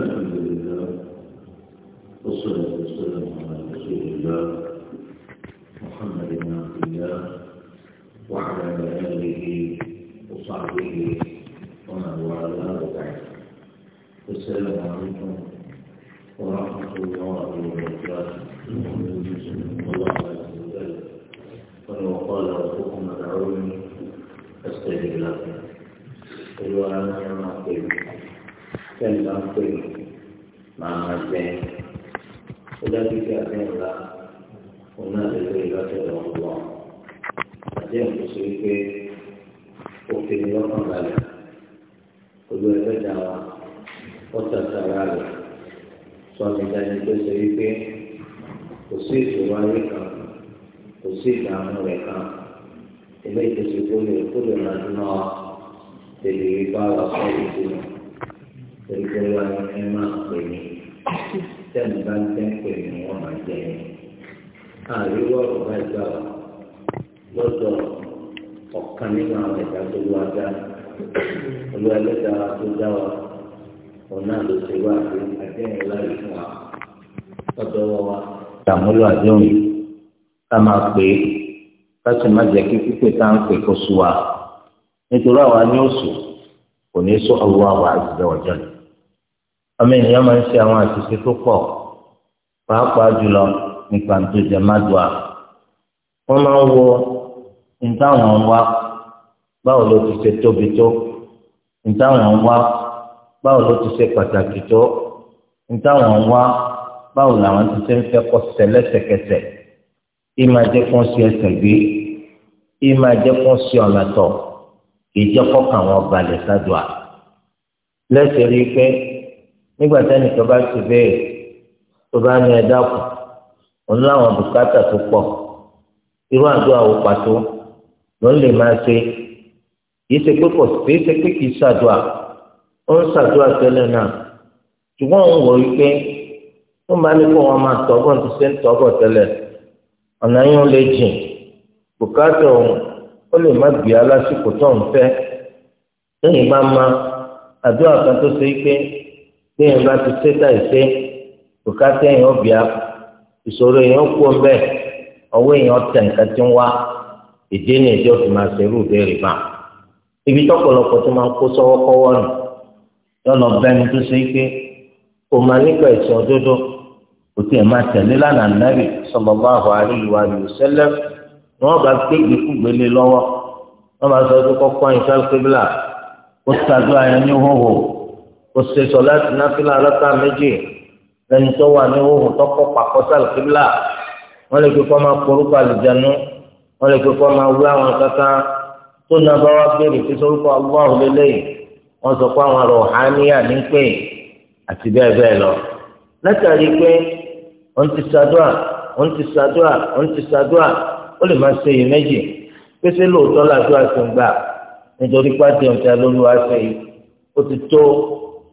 الحمد لله والصلاة والسلام على رسول الله محمد بن عبد الله وعلى آله وصحبه ومن والاه وبعد السلام عليكم ورحمة الله وبركاته الله عز وجل ولو قال ربكم ادعوني استجب لكم قل وانا ما قلت sẹ́ni bá ń pè mí màá máa jẹ ó dájú pé àdéhùn la òun náà lè lórí lọ́sẹ̀ lọ́wọ́ lọ́wọ́ àdéhùn tó ṣe wípé ó fi ní lọ́kàn balẹ̀ olú ẹgbẹ́ dá wa ó tàtàrà rẹ̀ sọ́ni dání tó ṣe wípé kò sí ìṣòro ayé kan kò sí ìdààmú rẹ̀ kan ilé ìtòsí kó lè kó lè máa dúná wa tèlè ipá wa sọ́ọ́ ìdúná. Ah, tẹ̀lifẹ̀ oh, oh, wa ni ẹ máa pè mí tẹ̀lifẹ̀ bá ń tẹ́ pè mí wọ́n máa jẹ mí. àríwá ọ̀gá ìgbà lọ́dọ̀ ọ̀kan nínú àwọn ẹ̀dá tó wá dá tó dá wa ọ̀nà ló wá fún wa ìṣàmúlò àdéhùn yìí ká máa pè é ká sì má jẹ́ kí pípé tá à ń pè kó wa nítorí àwa àmì ènìyàn máa ń ṣe àwọn àṣìṣe tó pọ̀ pàápàá jùlọ nípa tó jẹ mádùá wọn máa ń wo ìtàwọn ń wá báwo ló ti ṣe tóbi tó ìtàwọn ń wá báwo ló ti ṣe pàtàkì tó ìtàwọn ń wá báwo làwọn ti ṣe ń fẹ́ kọ́ sẹ́lẹ̀sẹ̀kẹsẹ̀ kí máa jẹ́ kó ń ṣe ẹsẹ̀ gbé kí máa jẹ́ kó ń ṣe ọ̀nà tọ̀ kì í balẹ̀ sádùá lẹ́sẹ̀ rí pé nígbà tẹ́ni kan bá ti béèrè tó bá ní ẹ dákun òun láwọn bùkátà tó pọ̀ irú àdó àwọn pàtó ló ń lè máa ṣe kì í ṣe pé kò sí ṣe pé kì í ṣàdúà ó ń ṣàdúà tẹ́lẹ̀ náà ṣùgbọ́n òun wọ̀ wípé ó máa ní kó wọn máa tọ́gbọ̀n tó ṣe ń tọ́gbọ̀ tẹ́lẹ̀ ọ̀nà yín ó lè jìn bùkátà òun ó lè má gbé alásìkò tó ń fẹ́ lẹ́yìn bá máa àdúrà kan ṣe pé téèyàn bá ti ṣe tàìṣe òkà téèyàn ó bìá ìṣòro èèyàn kú ọbẹ ọwọ́ èèyàn tẹ nǹkan tí ń wá ìdí ni ìjọ fi máa ṣerú ìbéèrè bá ibi tọ̀pọ̀lọpọ̀ tó máa ń kó sọ́wọ́ kọ́wọ́ nù lọnà bẹni tó ṣe pé kò máa nípa ìṣọ òdodo kò tiẹ̀ máa tẹ̀lé lánàá nàbì sallallahu alaihi wa sallam ni wọ́n bá gbégbé kúgbélé lọ́wọ́ wọ́n bá sọ pé kọ́kọ́ ìṣàkébìlà ó ṣàdúrà yẹn ní hóhó kò ṣe sọ̀láàtì náfìlà aláta méjì lẹ́ni tó wà ní òhun tọ́kọ̀ pàkọ́sà kíbla wọ́n lè fi kọ́ máa korúkọ àlùjánu wọ́n lè fi kọ́ máa wí àwọn kankan tó náà bá wá béèrè fi sórúkọ aláwọ̀ lélẹ́yìn wọ́n sọ pé àwọn rọ̀háníyà ní pé àti bẹ́ẹ̀ bẹ́ẹ̀ lọ. látàrí pé wọ́n ti ṣàdúrà wọ́n ti ṣàdúrà wọ́n ti ṣàdúrà ó lè máa ṣe iyèméjì pé lóòótọ́ làdúrà ṣe ń gbà nítorí pàtẹ́ ọ̀tá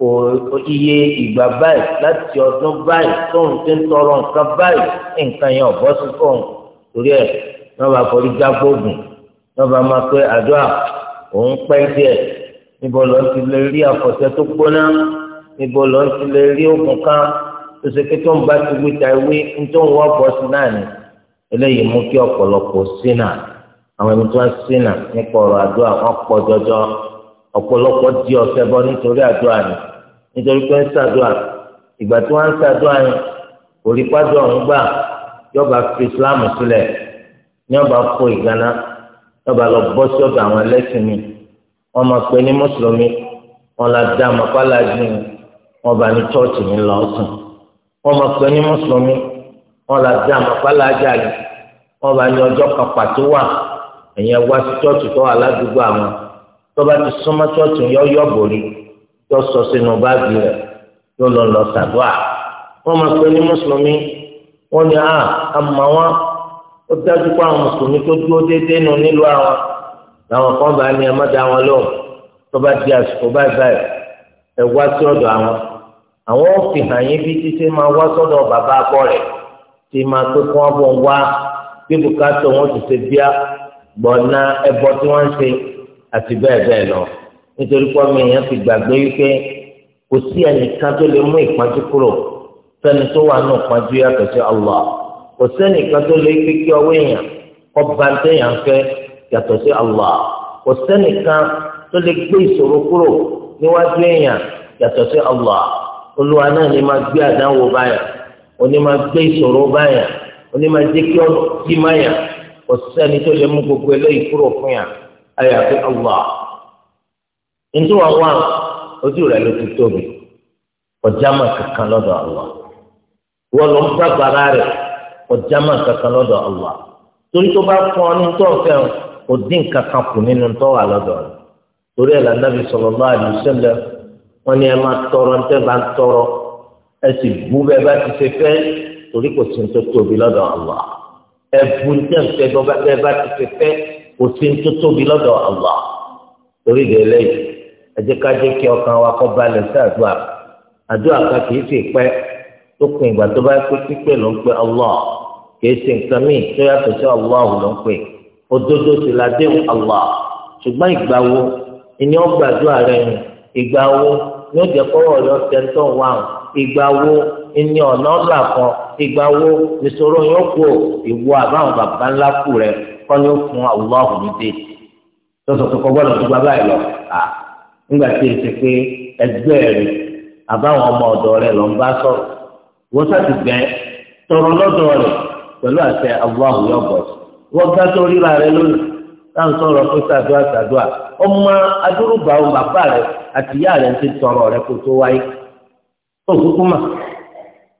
kò iye ìgbà báyìí láti ọdún báyìí tóun ti ń tọrọ nǹkan báyìí nǹkan yẹn ọ̀bọ sí fóun torí ẹ̀ wọ́n bá forí jágbóògùn wọ́n bá máa pé àdúrà òun pẹ́ díẹ̀ níbo lọ́n ti lè rí àfọ̀sẹ́ tó gbóná níbo lọ́n ti lè rí oògùn kan tó ṣe pé tó ń bá ti wí ta ìwé ń tó ń wọ́ bọ́ sí náà ni eléyìí mú kí ọ̀pọ̀lọpọ̀ sínà àwọn ẹni tó ń sínà nípa ọ̀rọ̀ àdúrà wọn pọ̀ jọjọ ọ̀pọ̀lọpọ̀ di ọ̀sẹ̀ bọ nítorí àdúrà ni nítorí pé ń ṣàdúrà ìgbà tí wọ́n ń ṣàdúrà yẹn òrìpájọ ọ̀hún gbà yọba fi Islam sílẹ̀ ní ọba fo ìgana yọba lọ bọ́ sí ọ̀dọ̀ àwọn ẹlẹ́sìn mi wọ́n máa pè ní mùsùlùmí wọ́n la dá àmọ́pálá jù wọ́n bá ní chọ́ọ̀chì mi lọ sùn wọ́n máa pè ní mùsùlùmí wọ́n la dá àmọ́pálá jà yìí wọ́n bá ní ọjọ́ kan pàtó wà ẹ̀yẹn wá sí chọ́ọ̀chì tó wà ládùúgbò àwọn tọ́ba ti súnmọ́ ṣọ́ọ̀ṣì yọ yọ bòrí yọ sọ sínú báàgì rẹ̀ yọ lọ lọ sàdúà wọ́n máa pe ní mùsùlùmí wọ́n ní à ah, àmọ́ wọn ó dájú pé àwọn mùsùlùmí tó dúró déédéé nù nílùú àwọn làwọn kan bá ní ẹmọ́ da wọn lóhùn tọ́ba di àsìkò báyìí báyìí ẹ wá sí ọ̀dọ̀ àwọn àwọn ò fi hàn yín bí títí máa wá sọ́dọ̀ bàbá akọ rẹ̀ tí máa pé kí wọ́n bọ̀ wá bí bùkátà wọn ti ṣe bíá gbọ̀nà ẹbọ tí wọ́n ń ṣe. àti bẹ́ẹ̀ bẹ́ẹ̀ lọ nítorí pé ọmọ èèyàn ti gbàgbé wípé kò sí ẹnìkan tó lè mú ìpọ́njú kúrò sẹ́ni tó wà nù pọ́njú yàtọ̀ sí Allah kò sẹ́nìkan tó lè fi kí ọwọ́ èèyàn kọ́ ba téèyàn fẹ́ yàtọ̀ sí Allah kò sẹ́nìkan tó lè gbé ìṣòro kúrò níwájú èèyàn yàtọ̀ sí Allah olúwa náà ni máa gbé àdánwò báyà oní máa gbé ìṣòro báyà oní máa jẹ́ kí ọ́ máyà kò tó lè àyàfi Allah ntí wọn wá ojú rẹ ló ti tóbi ọjà máa kankan lọ́dọ̀ Allah wọn lọ ń bá bàrà rẹ ọjà máa kankan lọ́dọ̀ Allah torí tó bá fún ọ ní tó ọ̀fẹ́ o dín kankan kù nínú tó wà lọ́dọ̀ rẹ torí ẹ̀ lànàbí sallallahu alaihi wasallam wọn ni ẹ máa tọrọ ń bá ń tọrọ ẹ sì bú bẹ́ẹ̀ bá ti ṣe fẹ́ torí kò sí ní tó tóbi lọ́dọ̀ Allah ẹ bú ń tẹ́ bá ti ṣe fẹ́ kò sí tó tóbi lọ́dọ̀ Allah torí ìdè eléyìí ẹjẹ́ ká jẹ́ kí ọkàn wa kọ́ balẹ̀ sí àdúrà àdúrà kan kì í sì pẹ́ tó pin ìgbà tó bá pé pípé ló ń pe Allah kì í sì nǹkan míì tó yàtọ̀ sí Allah ló ń pe òdodo sì la déhùn Allah ṣùgbọ́n ìgbà wo ìní ọgbàdúrà rẹ ni ìgbà wo ní ó jẹ kọ́wọ́ rẹ ọ̀tẹ̀ tó ń wà ìgbà wo ìní ọ̀nà ọ̀là kan ìgbà wo ìṣòro yóò kú ìwọ àbáwọn bàbá ńlá kù rẹ kọ́ ni ó fún Allahu ní déètì tó kọ́ gbọ́dọ̀ lọ à nígbà tí pé ẹgbẹ́ àbáwọn ọmọ ọ̀dọ̀ rẹ lọ ń bá sọ̀rọ̀ wọ́n sàti tọrọ lọ́dọ̀ pẹ̀lú àṣẹ wọ́n gbá tó ríra lónìí táwọn sọ̀rọ̀ ọmọ bàbá àti ìyá ti tọrọ kó tó wáyé mà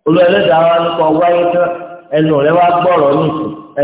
olú ẹlẹ́dàá wa wáyé tán ẹnu wá gbọ́rọ̀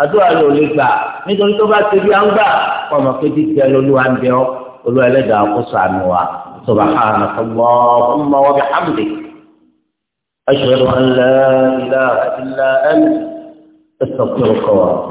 àdúrà rẹ ò lè gbà nítorí tó bá ṣe bí àǹgbà ọmọ kejì tẹ lọ́lúwa ń bẹ ọ́ olúwa ẹlẹ́dàá kó sànù wa subhanaka allahumma wa bihamdik ashhadu an la ilaha illa anta astaghfiruka wa atubu